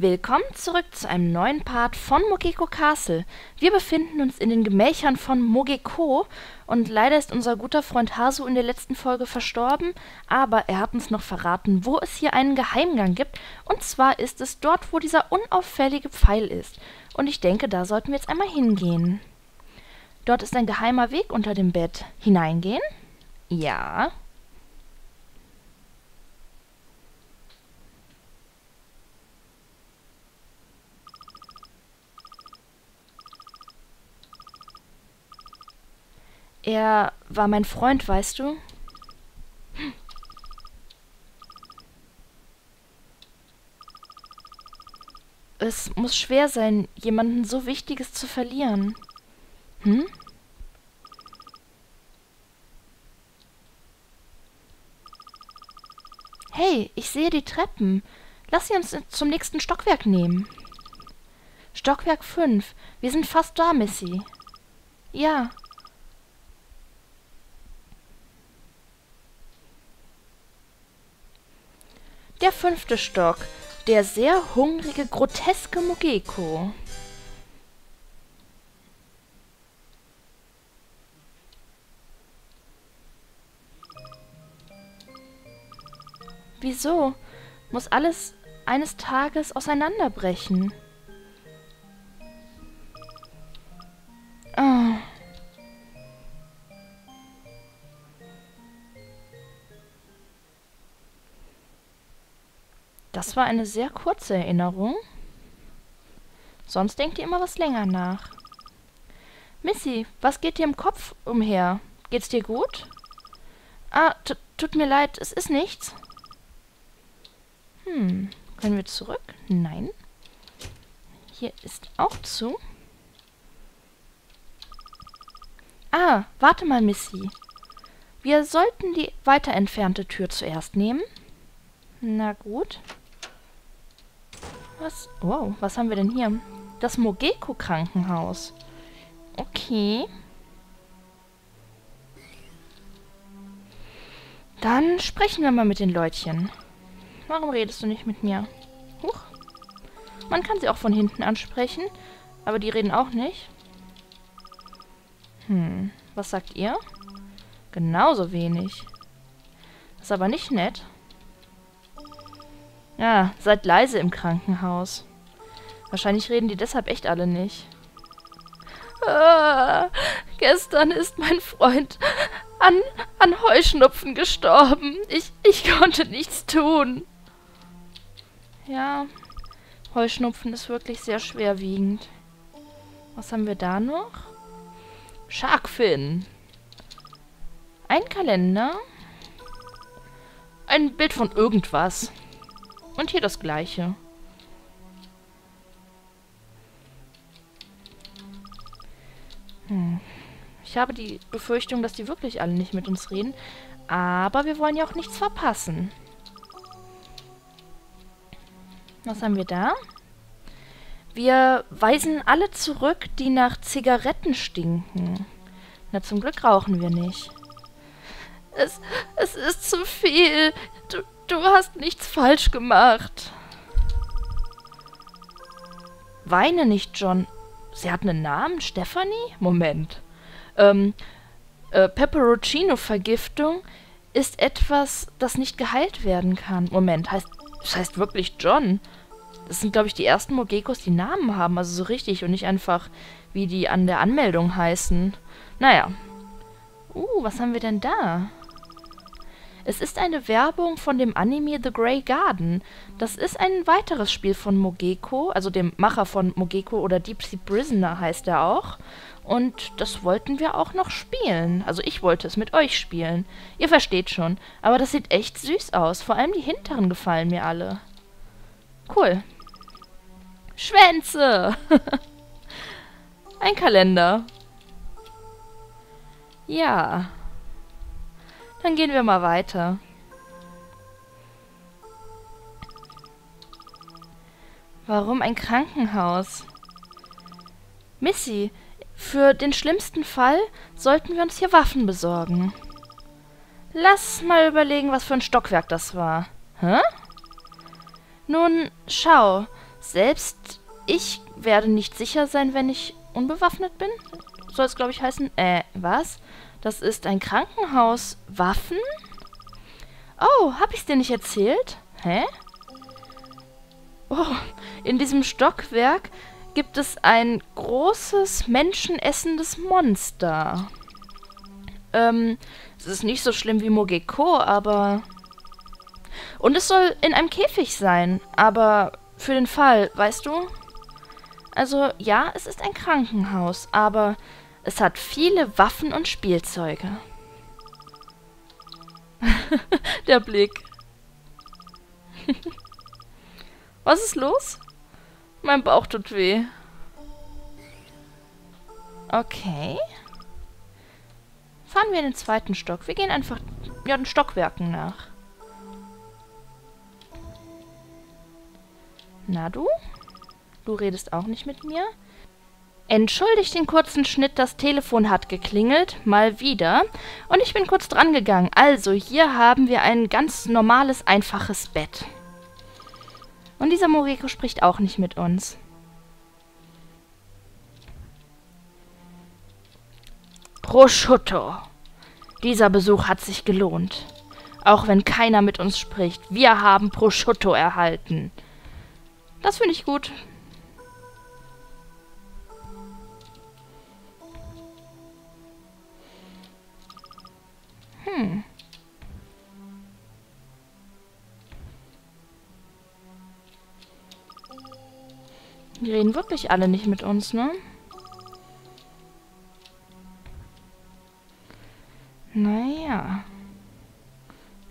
Willkommen zurück zu einem neuen Part von Mogeko Castle. Wir befinden uns in den Gemächern von Mogeko und leider ist unser guter Freund Hasu in der letzten Folge verstorben, aber er hat uns noch verraten, wo es hier einen Geheimgang gibt und zwar ist es dort, wo dieser unauffällige Pfeil ist. Und ich denke, da sollten wir jetzt einmal hingehen. Dort ist ein geheimer Weg unter dem Bett. Hineingehen? Ja. Er war mein Freund, weißt du? Hm. Es muss schwer sein, jemanden so Wichtiges zu verlieren. Hm? Hey, ich sehe die Treppen. Lass sie uns zum nächsten Stockwerk nehmen. Stockwerk 5. Wir sind fast da, Missy. Ja, fünfte Stock. Der sehr hungrige, groteske Mugeko. Wieso? Muss alles eines Tages auseinanderbrechen? Das war eine sehr kurze Erinnerung. Sonst denkt ihr immer was länger nach. Missy, was geht dir im Kopf umher? Geht's dir gut? Ah, tut mir leid, es ist nichts. Hm, können wir zurück? Nein. Hier ist auch zu. Ah, warte mal, Missy. Wir sollten die weiter entfernte Tür zuerst nehmen. Na gut. Was? Wow, was haben wir denn hier? Das Mogeko-Krankenhaus. Okay. Dann sprechen wir mal mit den Leutchen. Warum redest du nicht mit mir? Huch. Man kann sie auch von hinten ansprechen, aber die reden auch nicht. Hm, was sagt ihr? Genauso wenig. ist aber nicht nett. Ja, seid leise im Krankenhaus. Wahrscheinlich reden die deshalb echt alle nicht. Ah, gestern ist mein Freund an, an Heuschnupfen gestorben. Ich, ich konnte nichts tun. Ja, Heuschnupfen ist wirklich sehr schwerwiegend. Was haben wir da noch? Sharkfin. Ein Kalender. Ein Bild von irgendwas. Und hier das gleiche. Hm. Ich habe die Befürchtung, dass die wirklich alle nicht mit uns reden. Aber wir wollen ja auch nichts verpassen. Was haben wir da? Wir weisen alle zurück, die nach Zigaretten stinken. Na, zum Glück rauchen wir nicht. Es, es ist zu viel. Du hast nichts falsch gemacht. Weine nicht, John. Sie hat einen Namen? Stephanie? Moment. Ähm, äh, Peperoncino-Vergiftung ist etwas, das nicht geheilt werden kann. Moment, heißt, das heißt wirklich John. Das sind, glaube ich, die ersten Mogekos, die Namen haben, also so richtig und nicht einfach, wie die an der Anmeldung heißen. Naja. Uh, was haben wir denn da? Es ist eine Werbung von dem Anime The Grey Garden. Das ist ein weiteres Spiel von Mogeko, also dem Macher von Mogeko oder Deep Sea Prisoner heißt er auch. Und das wollten wir auch noch spielen. Also ich wollte es mit euch spielen. Ihr versteht schon. Aber das sieht echt süß aus. Vor allem die hinteren gefallen mir alle. Cool. Schwänze! Ein Kalender. Ja. Dann gehen wir mal weiter. Warum ein Krankenhaus? Missy, für den schlimmsten Fall sollten wir uns hier Waffen besorgen. Lass mal überlegen, was für ein Stockwerk das war. Hä? Nun, schau. Selbst ich werde nicht sicher sein, wenn ich unbewaffnet bin. Soll es, glaube ich, heißen? Äh, was? Das ist ein Krankenhaus. Waffen? Oh, hab ich's dir nicht erzählt? Hä? Oh, in diesem Stockwerk gibt es ein großes, menschenessendes Monster. Ähm, es ist nicht so schlimm wie Mogeko, aber... Und es soll in einem Käfig sein, aber für den Fall, weißt du? Also ja, es ist ein Krankenhaus, aber es hat viele Waffen und Spielzeuge. Der Blick. Was ist los? Mein Bauch tut weh. Okay. Fahren wir in den zweiten Stock. Wir gehen einfach ja, den Stockwerken nach. Na du? Du redest auch nicht mit mir? Entschuldigt den kurzen Schnitt, das Telefon hat geklingelt, mal wieder. Und ich bin kurz drangegangen. Also, hier haben wir ein ganz normales, einfaches Bett. Und dieser Moriko spricht auch nicht mit uns. Prosciutto. Dieser Besuch hat sich gelohnt. Auch wenn keiner mit uns spricht. Wir haben Prosciutto erhalten. Das finde ich gut. Hm. Die reden wirklich alle nicht mit uns, ne? Naja.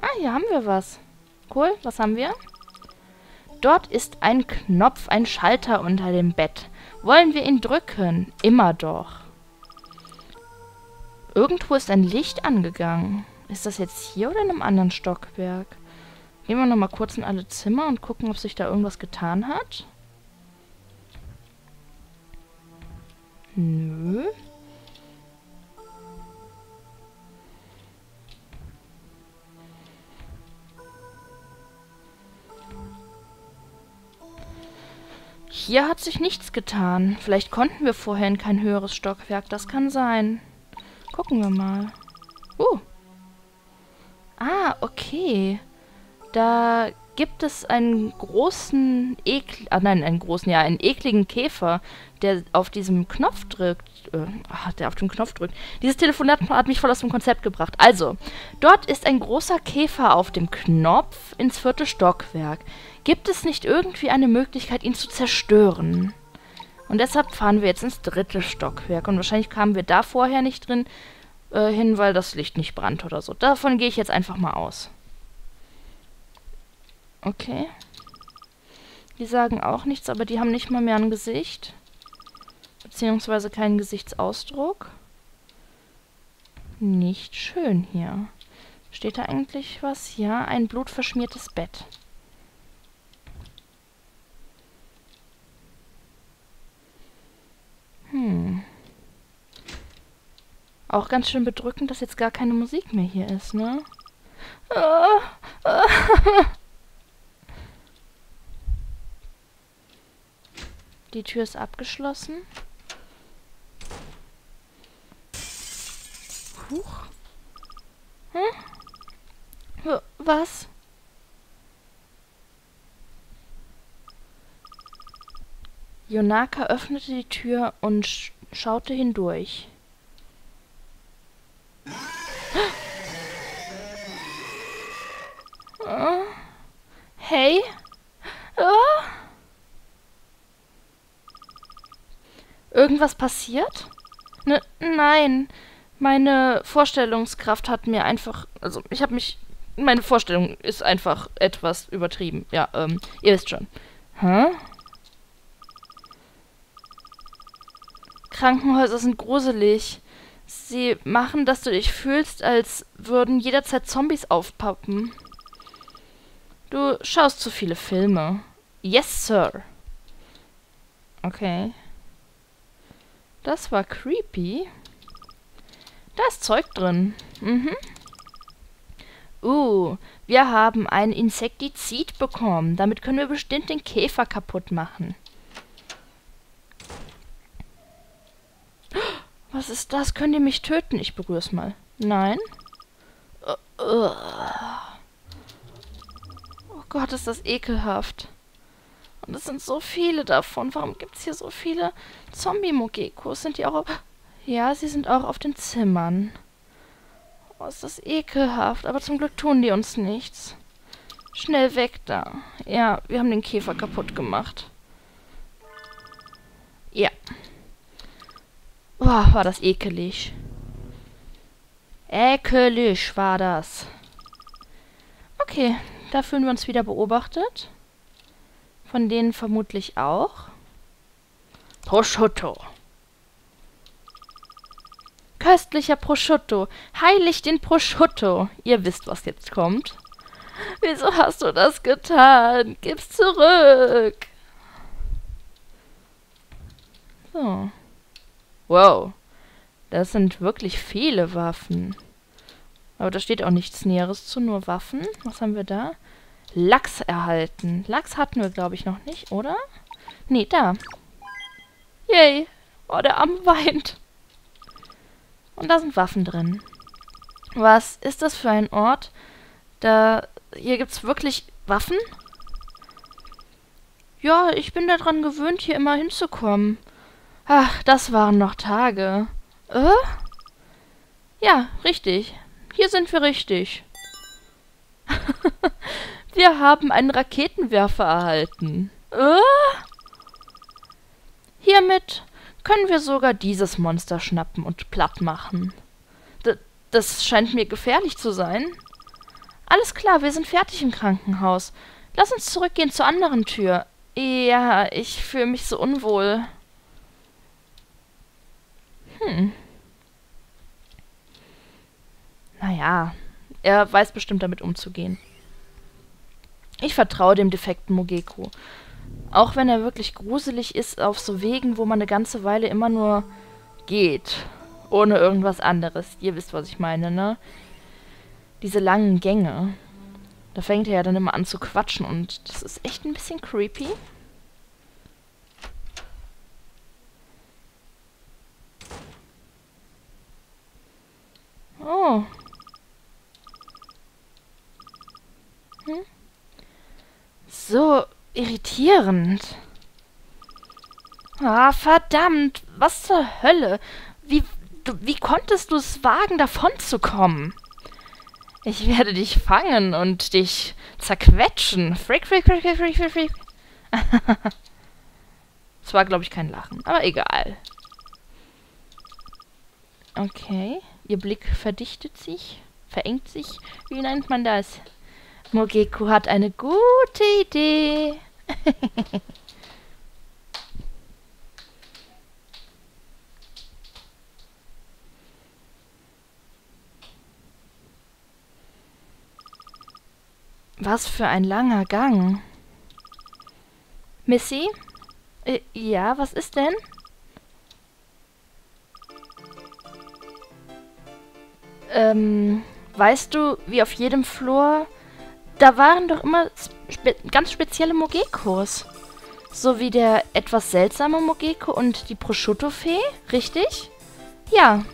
Ah, hier haben wir was. Cool, was haben wir? Dort ist ein Knopf, ein Schalter unter dem Bett. Wollen wir ihn drücken? Immer doch. Irgendwo ist ein Licht angegangen. Ist das jetzt hier oder in einem anderen Stockwerk? Gehen wir nochmal kurz in alle Zimmer und gucken, ob sich da irgendwas getan hat. Nö. Hier hat sich nichts getan. Vielleicht konnten wir vorher in kein höheres Stockwerk. Das kann sein. Gucken wir mal. Uh. Ah, okay. Da gibt es einen großen, ekl ah nein, einen großen, ja, einen ekligen Käfer, der auf diesem Knopf drückt, äh, ach, der auf dem Knopf drückt. Dieses Telefonat hat mich voll aus dem Konzept gebracht. Also, dort ist ein großer Käfer auf dem Knopf ins vierte Stockwerk. Gibt es nicht irgendwie eine Möglichkeit, ihn zu zerstören? Und deshalb fahren wir jetzt ins dritte Stockwerk. Und wahrscheinlich kamen wir da vorher nicht drin, äh, hin, weil das Licht nicht brannte oder so. Davon gehe ich jetzt einfach mal aus. Okay. Die sagen auch nichts, aber die haben nicht mal mehr ein Gesicht. Beziehungsweise keinen Gesichtsausdruck. Nicht schön hier. Steht da eigentlich was? Ja, ein blutverschmiertes Bett. Hmm. Auch ganz schön bedrückend, dass jetzt gar keine Musik mehr hier ist, ne? Die Tür ist abgeschlossen. Huch. Hm? Was? Yonaka öffnete die Tür und sch schaute hindurch. Hey? Oh. Irgendwas passiert? Ne, nein. Meine Vorstellungskraft hat mir einfach... Also, ich habe mich... Meine Vorstellung ist einfach etwas übertrieben. Ja, ähm, ihr wisst schon. Hä? Krankenhäuser sind gruselig. Sie machen, dass du dich fühlst, als würden jederzeit Zombies aufpappen. Du schaust zu viele Filme. Yes, Sir. Okay. Das war creepy. Da ist Zeug drin. Mhm. Uh, wir haben ein Insektizid bekommen. Damit können wir bestimmt den Käfer kaputt machen. Was ist das? Können die mich töten? Ich berühre es mal. Nein. Uh, uh. Gott, ist das ekelhaft. Und es sind so viele davon. Warum gibt es hier so viele Zombie-Mogekos? Sind die auch... Auf ja, sie sind auch auf den Zimmern. Oh, ist das ekelhaft. Aber zum Glück tun die uns nichts. Schnell weg da. Ja, wir haben den Käfer kaputt gemacht. Ja. Boah, war das ekelig. Ekelig war das. Okay, da fühlen wir uns wieder beobachtet. Von denen vermutlich auch. Prosciutto. Köstlicher Prosciutto. Heilig den Prosciutto. Ihr wisst, was jetzt kommt. Wieso hast du das getan? Gib's zurück. So. Wow. Das sind wirklich viele Waffen. Aber da steht auch nichts Näheres zu, nur Waffen. Was haben wir da? Lachs erhalten. Lachs hatten wir, glaube ich, noch nicht, oder? Nee, da. Yay. Oh, der Arm weint. Und da sind Waffen drin. Was ist das für ein Ort? Da, hier gibt es wirklich Waffen? Ja, ich bin daran gewöhnt, hier immer hinzukommen. Ach, das waren noch Tage. Äh? Ja, richtig. Hier sind wir richtig. wir haben einen Raketenwerfer erhalten. Äh? Hiermit können wir sogar dieses Monster schnappen und platt machen. D das scheint mir gefährlich zu sein. Alles klar, wir sind fertig im Krankenhaus. Lass uns zurückgehen zur anderen Tür. Ja, ich fühle mich so unwohl. Hm. Naja, er weiß bestimmt damit umzugehen. Ich vertraue dem defekten Mogeko. Auch wenn er wirklich gruselig ist auf so Wegen, wo man eine ganze Weile immer nur geht. Ohne irgendwas anderes. Ihr wisst, was ich meine, ne? Diese langen Gänge. Da fängt er ja dann immer an zu quatschen und das ist echt ein bisschen creepy. Oh, Mhm. So irritierend. Ah, verdammt. Was zur Hölle? Wie, du, wie konntest du es wagen, davonzukommen? Ich werde dich fangen und dich zerquetschen. Frick, frick, frick, frick, frick, frick. Es war, glaube ich, kein Lachen. Aber egal. Okay. Ihr Blick verdichtet sich. Verengt sich. Wie nennt man das? Mogeku hat eine gute Idee. Was für ein langer Gang. Missy? Äh, ja, was ist denn? Ähm, weißt du, wie auf jedem Flur da waren doch immer spe ganz spezielle Mogekos. So wie der etwas seltsame Mogeko und die Prosciutto-Fee, richtig? Ja.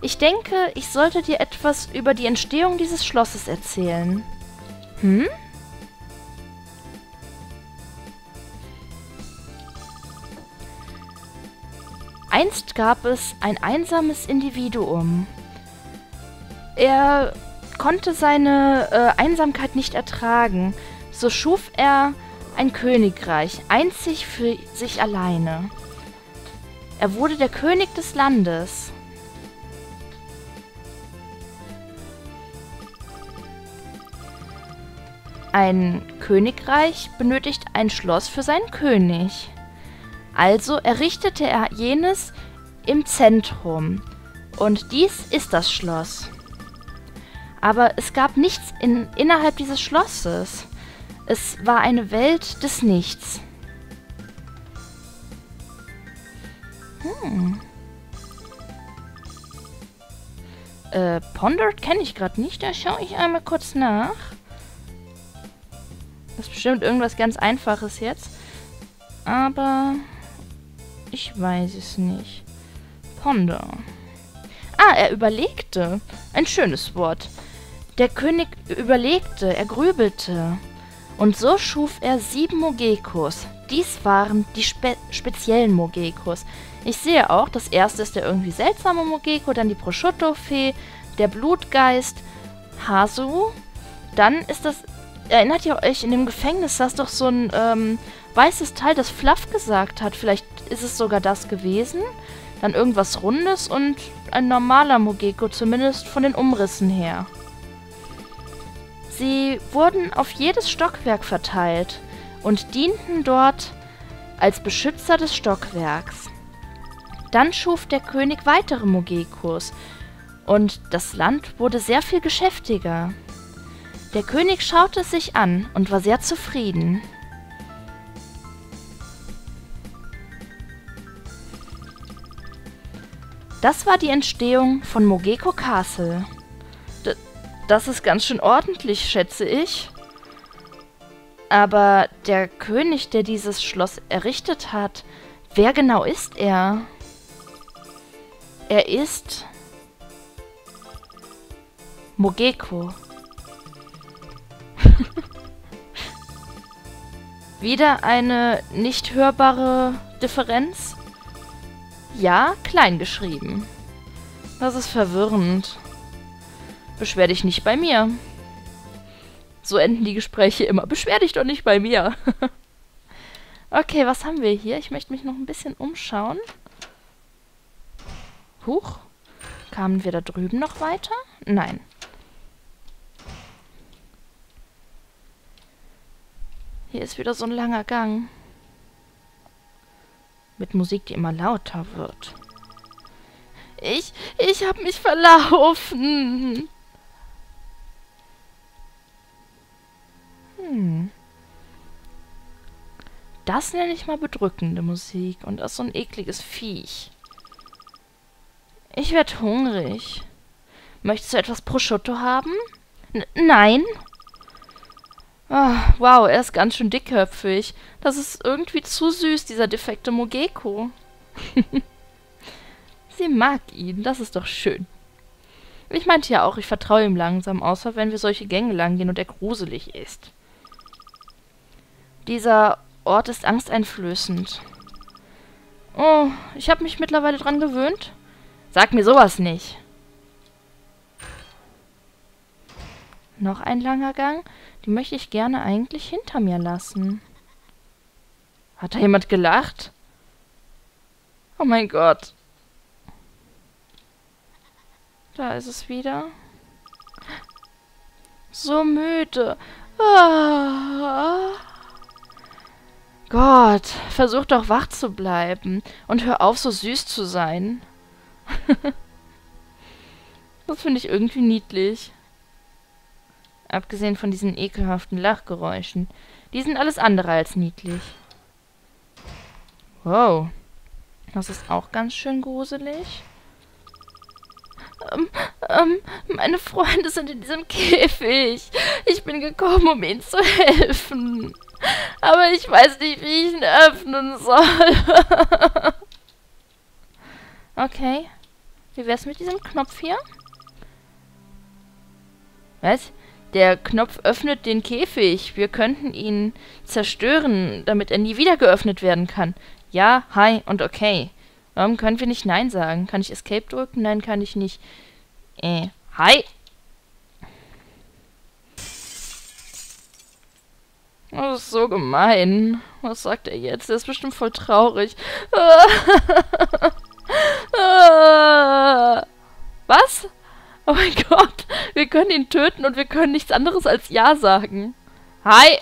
Ich denke, ich sollte dir etwas über die Entstehung dieses Schlosses erzählen. Hm? Einst gab es ein einsames Individuum. Er konnte seine äh, Einsamkeit nicht ertragen, so schuf er ein Königreich, einzig für sich alleine. Er wurde der König des Landes. Ein Königreich benötigt ein Schloss für seinen König. Also errichtete er jenes im Zentrum. Und dies ist das Schloss. Aber es gab nichts in, innerhalb dieses Schlosses. Es war eine Welt des Nichts. Hm. Äh, Pondered kenne ich gerade nicht. Da schaue ich einmal kurz nach. Das ist bestimmt irgendwas ganz Einfaches jetzt. Aber ich weiß es nicht. Ponder. Ah, er überlegte. Ein schönes Wort. Der König überlegte, er grübelte. Und so schuf er sieben Mogekos. Dies waren die spe speziellen Mogekos. Ich sehe auch, das erste ist der irgendwie seltsame Mogeko, dann die Prosciutto-Fee, der Blutgeist, Hasu. Dann ist das, erinnert ihr euch, in dem Gefängnis saß doch so ein ähm, weißes Teil, das Fluff gesagt hat. Vielleicht ist es sogar das gewesen. Dann irgendwas Rundes und ein normaler Mogeko, zumindest von den Umrissen her. Sie wurden auf jedes Stockwerk verteilt und dienten dort als Beschützer des Stockwerks. Dann schuf der König weitere Mogekos und das Land wurde sehr viel geschäftiger. Der König schaute es sich an und war sehr zufrieden. Das war die Entstehung von Mogeko Castle das ist ganz schön ordentlich, schätze ich. Aber der König, der dieses Schloss errichtet hat, wer genau ist er? Er ist... Mogeko. Wieder eine nicht hörbare Differenz? Ja, klein geschrieben. Das ist verwirrend. Beschwer dich nicht bei mir. So enden die Gespräche immer. Beschwer dich doch nicht bei mir. okay, was haben wir hier? Ich möchte mich noch ein bisschen umschauen. Huch. Kamen wir da drüben noch weiter? Nein. Hier ist wieder so ein langer Gang. Mit Musik, die immer lauter wird. Ich, ich hab mich verlaufen. Das nenne ich mal bedrückende Musik. Und das ist so ein ekliges Viech. Ich werde hungrig. Möchtest du etwas Prosciutto haben? N nein. Oh, wow, er ist ganz schön dickköpfig. Das ist irgendwie zu süß, dieser defekte Mogeko. Sie mag ihn, das ist doch schön. Ich meinte ja auch, ich vertraue ihm langsam, außer wenn wir solche Gänge lang gehen und er gruselig ist. Dieser Ort ist angsteinflößend. Oh, ich habe mich mittlerweile dran gewöhnt. Sag mir sowas nicht. Noch ein langer Gang. Die möchte ich gerne eigentlich hinter mir lassen. Hat da jemand gelacht? Oh mein Gott. Da ist es wieder. So müde. Ah. Gott, versuch doch wach zu bleiben und hör auf, so süß zu sein. das finde ich irgendwie niedlich. Abgesehen von diesen ekelhaften Lachgeräuschen. Die sind alles andere als niedlich. Wow. Das ist auch ganz schön gruselig. Ähm, ähm, meine Freunde sind in diesem Käfig. Ich bin gekommen, um ihnen zu helfen. Aber ich weiß nicht, wie ich ihn öffnen soll. okay. Wie wär's mit diesem Knopf hier? Was? Der Knopf öffnet den Käfig. Wir könnten ihn zerstören, damit er nie wieder geöffnet werden kann. Ja, hi und okay. Warum können wir nicht Nein sagen? Kann ich Escape drücken? Nein, kann ich nicht. Äh, hi. Oh, das ist so gemein. Was sagt er jetzt? Er ist bestimmt voll traurig. Was? Oh mein Gott. Wir können ihn töten und wir können nichts anderes als Ja sagen. Hi.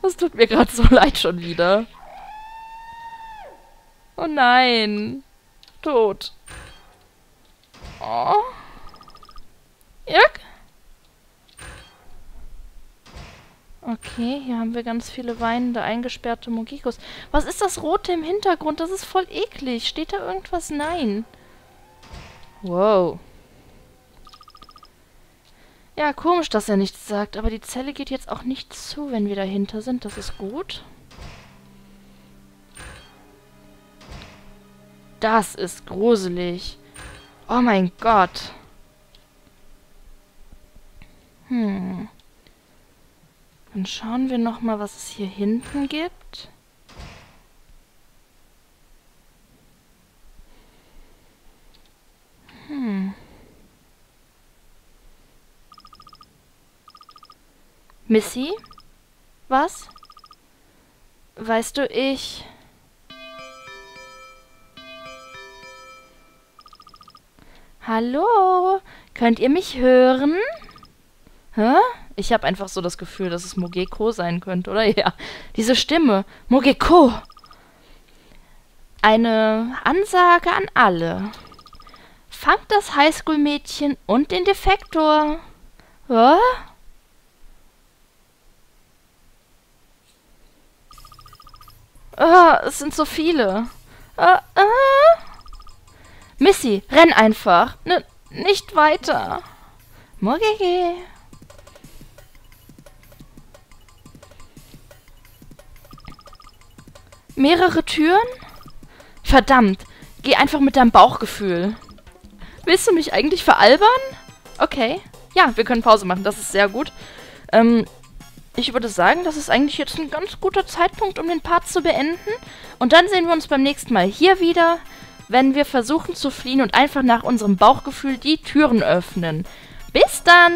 Das tut mir gerade so leid schon wieder. Oh nein. Tot. Oh. Okay, hier haben wir ganz viele weinende, eingesperrte Mogikos. Was ist das Rote im Hintergrund? Das ist voll eklig. Steht da irgendwas? Nein. Wow. Ja, komisch, dass er nichts sagt. Aber die Zelle geht jetzt auch nicht zu, wenn wir dahinter sind. Das ist gut. Das ist gruselig. Oh mein Gott. Hm. Dann schauen wir noch mal, was es hier hinten gibt. Hm. Missy? Was? Weißt du, ich... Hallo? Könnt ihr mich hören? Hä? Ich habe einfach so das Gefühl, dass es Mogeko sein könnte, oder? Ja, diese Stimme. Mogeko! Eine Ansage an alle. Fangt das Highschool-Mädchen und den Defektor. Hä? Oh, es sind so viele. Uh, uh. Missy, renn einfach. N nicht weiter. Morgege. mehrere Türen? Verdammt. Geh einfach mit deinem Bauchgefühl. Willst du mich eigentlich veralbern? Okay. Ja, wir können Pause machen. Das ist sehr gut. Ähm, ich würde sagen, das ist eigentlich jetzt ein ganz guter Zeitpunkt, um den Part zu beenden. Und dann sehen wir uns beim nächsten Mal hier wieder, wenn wir versuchen zu fliehen und einfach nach unserem Bauchgefühl die Türen öffnen. Bis dann!